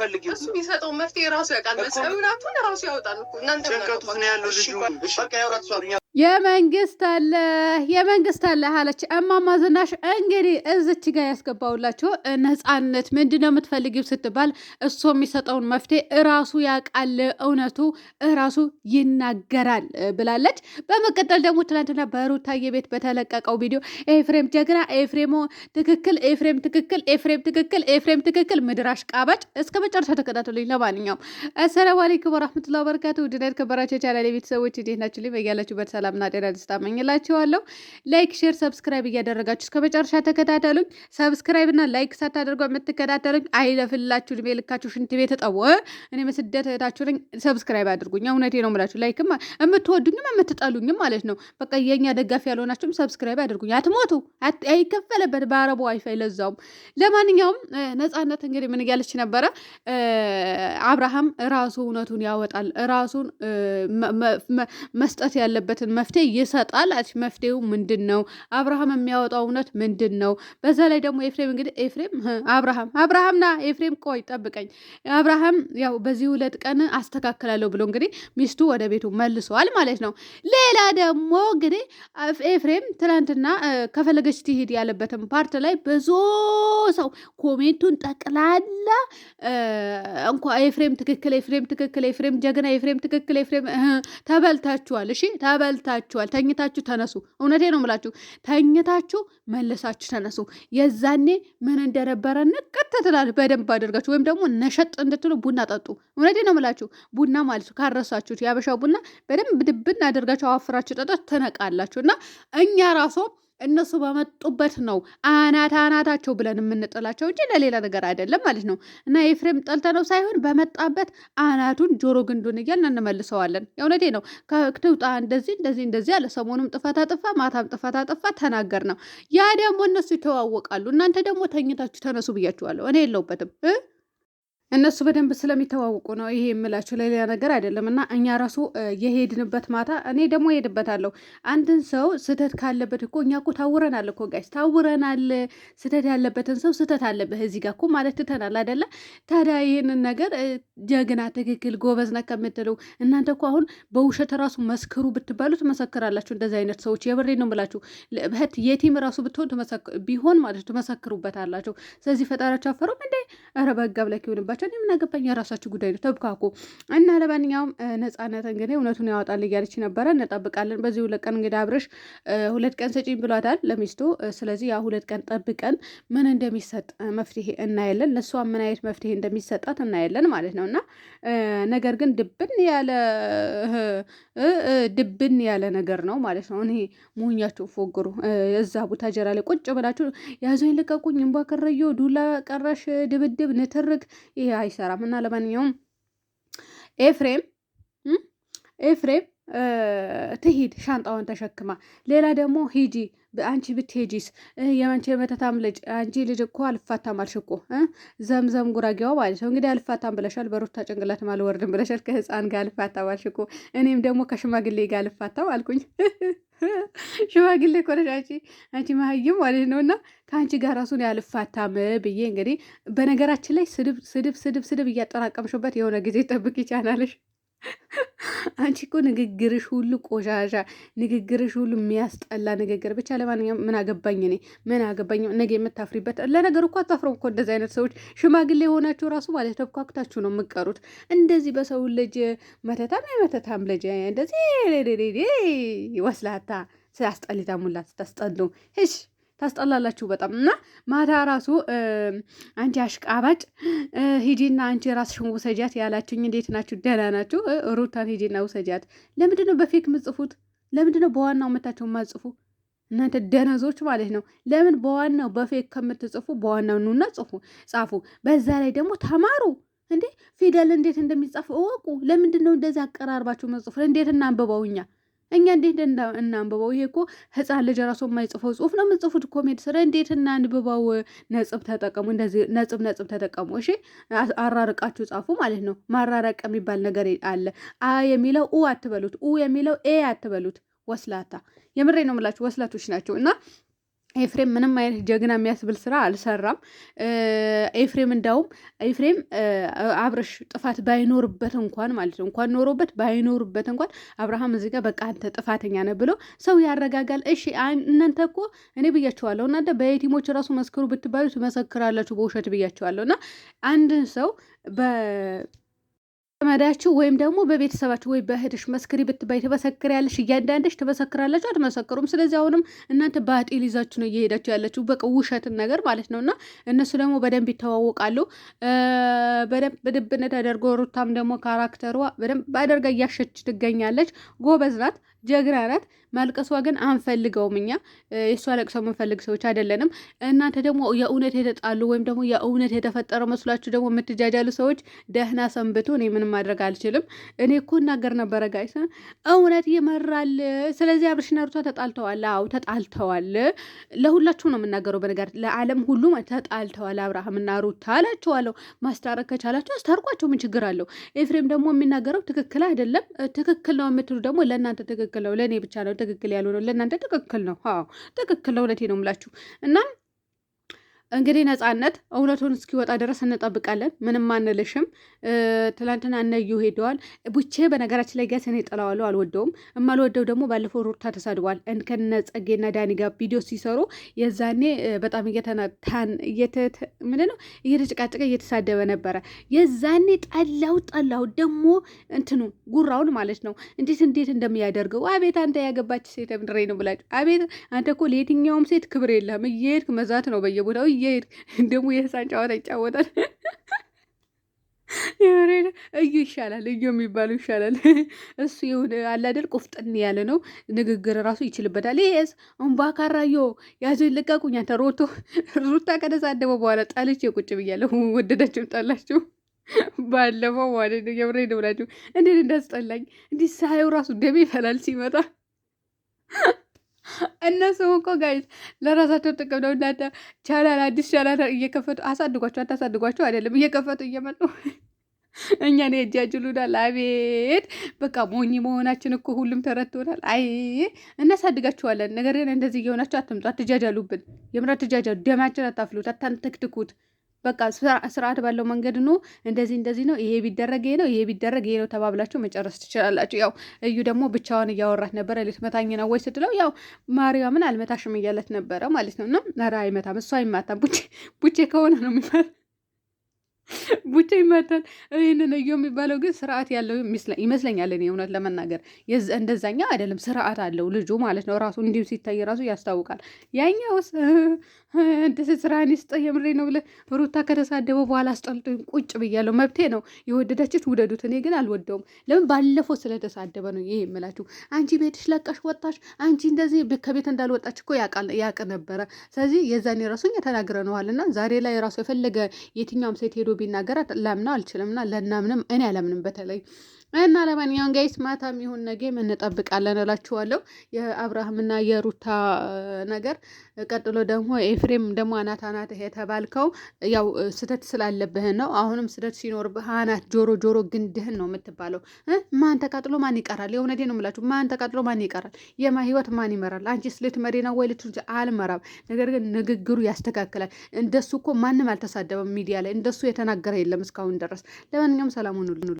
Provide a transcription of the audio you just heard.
ፈልጊ እሱ የሚሰጠው መፍትሄ ራሱ ያውቃል። መስቀሉን ራሱ ያወጣል እኮ እናንተ ሸንቀጡት ነው ያለው ልጁ በቃ ያውራት የመንግስት አለ የመንግስት አለ አለች እማማ ዝናሽ። እንግዲህ እዝች ጋር ያስገባውላቸው ነፃነት ምንድን ነው የምትፈልጊው ስትባል እሱ የሚሰጠውን መፍትሄ እራሱ ያውቃል፣ እውነቱ እራሱ ይናገራል ብላለች። በመቀጠል ደግሞ ትናንትና በሩታዬ ቤት በተለቀቀው ቪዲዮ ኤፍሬም ጀግና፣ ኤፍሬሞ ትክክል፣ ኤፍሬም ትክክል፣ ኤፍሬም ትክክል፣ ኤፍሬም ትክክል፣ ምድር አሽቃባጭ። እስከ መጨረሻ ተከታተሉኝ። ለማንኛውም አሰላሙ አለይኩም ወራህመቱላሂ ወበረካቱ። ውድና የተከበራችሁ የቻናሌ ቤተሰቦች እንዴት ናችሁ? ልኝ በያላችሁበት ሰላም ሰላምና ጤና ደስታ መኝላችኋለሁ። ላይክ፣ ሼር፣ ሰብስክራይብ እያደረጋችሁ እስከ መጨረሻ ተከታተሉኝ። ሰብስክራይብ እና ላይክ ሳታደርጉ የምትከታተሉኝ አይለፍላችሁ፣ እድሜ ልካችሁ ሽንት ቤት ተጠወ። እኔ መስደት እህታችሁ ነኝ። ሰብስክራይብ አድርጉኝ። እውነቴ ነው የምላችሁ። ላይክም የምትወዱኝም የምትጠሉኝም ማለት ነው። በቃ የኛ ደጋፊ ያልሆናችሁም ሰብስክራይብ አድርጉኝ። አትሞቱ፣ አይከፈለበት በአረቡ ዋይፋይ ለዛውም። ለማንኛውም ነጻነት እንግዲህ ምን እያለች ነበረ? አብርሃም ራሱ እውነቱን ያወጣል። ራሱን መስጠት ያለበትን መፍትሄ ይሰጣል አለች። መፍትሄው ምንድን ነው? አብርሃም የሚያወጣው እውነት ምንድን ነው? በዛ ላይ ደግሞ ኤፍሬም እንግዲህ ኤፍሬም አብርሃም አብርሃም ና ኤፍሬም ቆይ ጠብቀኝ አብርሃም ያው በዚህ ሁለት ቀን አስተካክላለሁ ብሎ እንግዲህ ሚስቱ ወደ ቤቱ መልሰዋል ማለት ነው። ሌላ ደግሞ እንግዲህ ኤፍሬም ትናንትና ከፈለገች ትሄድ ያለበትን ፓርት ላይ ብዙ ሰው ኮሜንቱን ጠቅላላ እንኳ ኤፍሬም ትክክል፣ ኤፍሬም ትክክል፣ ኤፍሬም ጀግና፣ ኤፍሬም ትክክል፣ ኤፍሬም ተበልታችኋል። እሺ ተበል በልታችኋል፣ ተኝታችሁ ተነሱ። እውነቴ ነው ምላችሁ፣ ተኝታችሁ መለሳችሁ ተነሱ። የዛኔ ምን እንደነበረ ንቅት ትላል በደንብ አድርጋችሁ፣ ወይም ደግሞ ነሸጥ እንድትሉ ቡና ጠጡ። እውነቴ ነው የምላችሁ፣ ቡና ማለት ካረሳችሁት፣ ያበሻው ቡና በደንብ ድብን አድርጋችሁ አዋፍራችሁ ጠጣ ትነቃላችሁ እና እኛ ራሶ እነሱ በመጡበት ነው አናት አናታቸው ብለን የምንጥላቸው እንጂ ለሌላ ነገር አይደለም ማለት ነው። እና ኤፍሬም ጠልተ ነው ሳይሆን በመጣበት አናቱን ጆሮ ግንዱን እያልን እንመልሰዋለን። የእውነቴ ነው። ከትውጣ እንደዚህ እንደዚህ እንደዚህ አለ። ሰሞኑም ጥፋት አጥፋ፣ ማታም ጥፋት አጥፋ ተናገር ነው ያ ደግሞ እነሱ ይተዋወቃሉ። እናንተ ደግሞ ተኝታችሁ ተነሱ ብያችኋለሁ። እኔ የለውበትም እነሱ በደንብ ስለሚተዋውቁ ነው ይሄ የምላቸው፣ ለሌላ ነገር አይደለም። እና እኛ ራሱ የሄድንበት ማታ እኔ ደግሞ ሄድበታለሁ። አንድን ሰው ስህተት ካለበት እኮ እኛ እኮ ታውረናል እኮ ጋይስ፣ ታውረናል። ስህተት ያለበትን ሰው ስህተት አለብህ እዚህ ጋር እኮ ማለት ትተናል አይደለ? ታዲያ ይህንን ነገር ጀግና፣ ትክክል፣ ጎበዝ ነህ ከምትለው እናንተ እኮ አሁን በውሸት ራሱ መስክሩ ብትባሉ ትመሰክራላችሁ። እንደዚህ አይነት ሰዎች የብሬ ነው የምላችሁ። በት የቲም ራሱ ብትሆን ቢሆን ማለት ትመሰክሩበታላችሁ። ስለዚህ ፈጣሪያቸው አፈሩም እንዴ ረበጋብ ላይ ይሆንባቸው አለባቸው። እኔ ምን አገባኝ? የራሳችሁ ጉዳይ ነው። ተብካኩ እና ለማንኛውም ነጻነት እንግዲህ እውነቱን ያወጣል እያለች ነበረ። እንጠብቃለን። በዚህ ሁለት ቀን እንግዲህ አብረሽ ሁለት ቀን ሰጪኝ ብሏታል ለሚስቱ። ስለዚህ ያ ሁለት ቀን ጠብቀን ምን እንደሚሰጥ መፍትሄ እናያለን። ለእሷ ምን አይነት መፍትሄ እንደሚሰጣት እናያለን ማለት ነው እና ነገር ግን ድብን ያለ ድብን ያለ ነገር ነው ማለት ነው። እኔ መሆኛችሁን ፎግሩ። እዛ ቦታ ጀራ ላይ ቁጭ ብላችሁ ያዞኝ ልቀቁኝ፣ እንቧ ከረዮ ዱላ ቀራሽ ድብድብ ንትርክ ይሄ አይሰራም እና ለማንኛውም ኤፍሬም ኤፍሬም ትሂድ ሻንጣውን ተሸክማ። ሌላ ደግሞ ሂጂ አንቺ ብትሄጂስ የመንቼ የመተታም ልጅ አንቺ ልጅ እኮ አልፋታም አልሽ እኮ ዘምዘም ጉራጌዋ ማለት ነው እንግዲህ አልፋታም ብለሻል። በሩታ ጭንቅላት አልወርድም ብለሻል። ከህፃን ጋር አልፋታም አልሽ እኮ እኔም ደግሞ ከሽማግሌ ጋር አልፋታም አልኩኝ። ሽማግሌ እኮ አንቺ አንቺ መሀይም ማለት ነው። እና ከአንቺ ጋር ራሱን ያልፋታም ብዬ እንግዲህ በነገራችን ላይ ስድብ ስድብ ስድብ ስድብ እያጠራቀምሽበት የሆነ ጊዜ ጠብቅ ይቻናለሽ አንቺ እኮ ንግግርሽ ሁሉ ቆሻሻ ንግግርሽ ሁሉ የሚያስጠላ ንግግር ብቻ። ለማንኛውም ምን አገባኝ እኔ ምን አገባኝ ነገ የምታፍሪበት። ለነገሩ እኮ አታፍረውም እኮ እንደዚህ አይነት ሰዎች ሽማግሌ የሆናችሁ ራሱ ማለት ተብኳክታችሁ ነው የምቀሩት። እንደዚህ በሰው ልጅ መተታም የመተታም ልጅ እንደዚህ ወስላታ ስላስጠሊታ ሙላት ስታስጠሉ ሽ ታስጠላላችሁ በጣም እና ማታ ራሱ አንቺ አሽቃባጭ ሂጂና አንቺ ራስሽን ውሰጃት ያላችሁኝ እንዴት ናችሁ? ደህና ናችሁ? ሩታን ሂጂና ውሰጃት። ለምንድን ነው በፌክ የምጽፉት? ለምንድን ነው በዋናው መታቸው ማጽፉ? እናንተ ደነዞች ማለት ነው። ለምን በዋናው በፌክ ከምትጽፉ በዋናው ኑና ጽፉ ጻፉ። በዛ ላይ ደግሞ ተማሩ እንዴ ፊደል እንዴት እንደሚጻፍ እወቁ። ለምንድን ነው እንደዚህ አቀራርባችሁ መጽፉ? እንዴት እናንብበውኛ እኛ እንዴት እናንብበው? ይሄ እኮ ህፃን ልጅ ራሱ የማይጽፈው ጽሁፍ ነው የምንጽፉት። ኮሜድ ስራ እንዴት እናንብበው? ነጽብ ተጠቀሙ፣ እንደዚህ ነጽብ ነጽብ ተጠቀሙ። እሺ አራርቃችሁ ጻፉ ማለት ነው። ማራረቅ የሚባል ነገር አለ። አ የሚለው ኡ አትበሉት፣ ኡ የሚለው ኤ አትበሉት። ወስላታ የምሬ ነው የምላችሁ፣ ወስላቶች ናቸው እና ኤፍሬም ምንም አይነት ጀግና የሚያስብል ስራ አልሰራም። ኤፍሬም እንዳውም ኤፍሬም አብረሽ ጥፋት ባይኖርበት እንኳን ማለት ነው እንኳን ኖሮበት ባይኖርበት እንኳን አብርሃም እዚህ ጋር በቃ አንተ ጥፋተኛ ነህ ብሎ ሰው ያረጋጋል። እሺ እናንተ እኮ እኔ ብያቸዋለሁ፣ እናንተ በየቲሞች ራሱ መስክሩ ብትባሉ ትመሰክራላችሁ በውሸት ብያቸዋለሁ። እና አንድን ሰው ተመዳችሁ ወይም ደግሞ በቤተሰባችሁ ወይ በእህትሽ መስክሪ ብትባይ ትመሰክሪያለሽ። እያንዳንድሽ ትመሰክራላችሁ፣ አትመሰክሩም። ስለዚህ አሁንም እናንተ ባጤል ይዛችሁ ነው እየሄዳችሁ ያለችው በቃ ውሸትን ነገር ማለት ነው። እና እነሱ ደግሞ በደንብ ይተዋወቃሉ። በደንብ በድብነት ተደርጎ ሩታም ደግሞ ካራክተሯ በደንብ አደርጋ እያሸች ትገኛለች። ጎበዝ ናት። ጀግና ናት። ማልቀሷ ግን አንፈልገውም እኛ የእሷ ለቅሶ የምንፈልግ ሰዎች አይደለንም። እናንተ ደግሞ የእውነት የተጣሉ ወይም ደግሞ የእውነት የተፈጠረ መስሏችሁ ደግሞ የምትጃጃሉ ሰዎች ደህና ሰንብቱ። እኔ ምንም ማድረግ አልችልም። እኔ እኮ እናገር ነበረ ጋይስ፣ እውነት ይመራል። ስለዚህ አብርሽና ሩታ ተጣልተዋል። አዎ ተጣልተዋል። ለሁላችሁ ነው የምናገረው። በነገር ለዓለም ሁሉ ተጣልተዋል። አብርሃምና ሩታ አላችኋለሁ። ማስታረቅ ከቻላችሁ አስታርቋቸው፣ ምን ችግር አለው? ኤፍሬም ደግሞ የሚናገረው ትክክል አይደለም። ትክክል ነው የምትሉ ደግሞ ለእናንተ ትክክል ትክክል ነው። ለእኔ ብቻ ነው ትክክል ያልሆነው፣ ለእናንተ ትክክል ነው። አዎ ትክክል ነው። እውነቴ ነው የምላችሁ እና እንግዲህ ነፃነት እውነቱን እስኪወጣ ድረስ እንጠብቃለን። ምንም አንልሽም። ትላንትና እነዩ ሄደዋል። ቡቼ በነገራችን ላይ ጋስ እኔ አልወደውም። እማልወደው ደግሞ ባለፈው ሩታ ተሳድቧል። እንከነ ጸጌና ዳኒ ጋር ቪዲዮ ሲሰሩ የዛኔ በጣም እየተናታን ምንድን ነው እየተጨቃጨቀ እየተሳደበ ነበረ። የዛኔ ጠላው ጠላው ደግሞ እንትኑ ጉራውን ማለት ነው። እንዴት እንዴት እንደሚያደርገው አቤት አንተ ያገባች ሴት ምድሬ ነው ብላችሁ አቤት አንተ እኮ ለየትኛውም ሴት ክብር የለም። እየሄድክ መዛት ነው በየቦታው እየሄድ ደግሞ የህፃን ጨዋታ ይጫወታል። የሆነ እዩ ይሻላል፣ እዩ የሚባለው ይሻላል። እሱ የሆነ አላደል ቁፍጥን ያለ ነው፣ ንግግር ራሱ ይችልበታል። ይስ አሁን ባካራዮ ያዞ ይለቀቁኛ ተሮቶ ሩታ ከተሳደበ በኋላ ጣልቼ ቁጭ ብያለሁ። ወደዳችሁም ጣላችሁ ባለፈው ማለት ነው። የምሬ ደብላችሁ እንዴት እንዳስጠላኝ እንዲህ ሳየው ራሱ ደሜ ይፈላል ሲመጣ እነሱም እኮ ጋይዝ ለራሳቸው ጥቅም ነው። እናንተ ቻናል አዲስ ቻናል እየከፈቱ አሳድጓቸው አታሳድጓቸው አይደለም፣ እየከፈቱ እየመጡ እኛ እኛን የእጃጅሉናል። አቤት በቃ ሞኝ መሆናችን እኮ ሁሉም ተረድቶናል። አይ እናሳድጋችኋለን፣ ነገር ግን እንደዚህ እየሆናቸው አትምጡ፣ አትጃጃሉብን። የምር አትጃጃሉ፣ ደማችን አታፍሉት፣ አታንተክትኩት። በቃ ስርዓት ባለው መንገድ ነው። እንደዚህ እንደዚህ ነው፣ ይሄ ቢደረግ ይሄ ነው፣ ይሄ ቢደረግ ይሄ ነው ተባብላችሁ መጨረስ ትችላላችሁ። ያው እዩ ደግሞ ብቻዋን እያወራት ነበረ። ልትመታኝ ነው ወይ ስትለው ያው ማርያምን አልመታሽም እያለት ነበረ ማለት ነው። እና ኧረ አይመታም፣ እሷ አይማታም። ቡቼ ከሆነ ነው የሚመታ ቡቻ ይመታል። ይህንን እዮ የሚባለው ግን ስርዓት ያለው ይመስለኛል። እኔ እውነት ለመናገር እንደዛኛ አይደለም፣ ስርዓት አለው ልጁ ማለት ነው። ራሱ እንዲሁ ሲታይ ራሱ ያስታውቃል። ያኛውስ እንደስ ስራን ይስጠ የምሬ ነው ብለ ሩታ ከተሳደበ በኋላ አስጠልጦ ቁጭ ብያለሁ። መብቴ ነው። የወደዳችሁት ውደዱት። እኔ ግን አልወደውም። ለምን ባለፈው ስለተሳደበ ነው ይሄ የምላችሁ። አንቺ ቤትሽ ለቀሽ ወጣሽ፣ አንቺ እንደዚህ ከቤት እንዳልወጣች እኮ ያቅ ነበረ። ስለዚህ የዛኔ ራሱ ተናግረነዋል እና ዛሬ ላይ ራሱ የፈለገ የትኛውም ሴት ሄዶ ቢናገር ላምነው አልችልም እና ለናምንም እኔ አለምንም በተለይ እና ለማንኛውም ጋይስ ማታም ይሁን ነገ እንጠብቃለን እላችኋለሁ። የአብርሃምና የሩታ ነገር ቀጥሎ ደግሞ ኤፍሬም ደግሞ አናት አናት የተባልከው ያው ስህተት ስላለብህን ነው። አሁንም ስህተት ሲኖርብህ አናት ጆሮ ጆሮ ግንድህን ነው የምትባለው። ማን ተቃጥሎ ማን ይቀራል? የእውነቴን ነው የምላችሁ። ማን ተቃጥሎ ማን ይቀራል? የማ ህይወት ማን ይመራል? አንቺስ ልትመሪ ነው ወይ? ልትሆን አልመራም። ነገር ግን ንግግሩ ያስተካክላል። እንደሱ እኮ ማንም አልተሳደበም ሚዲያ ላይ እንደሱ የተ የተናገረ የለም እስካሁን ድረስ። ለማንኛውም ሰላም ሁኑልኝ።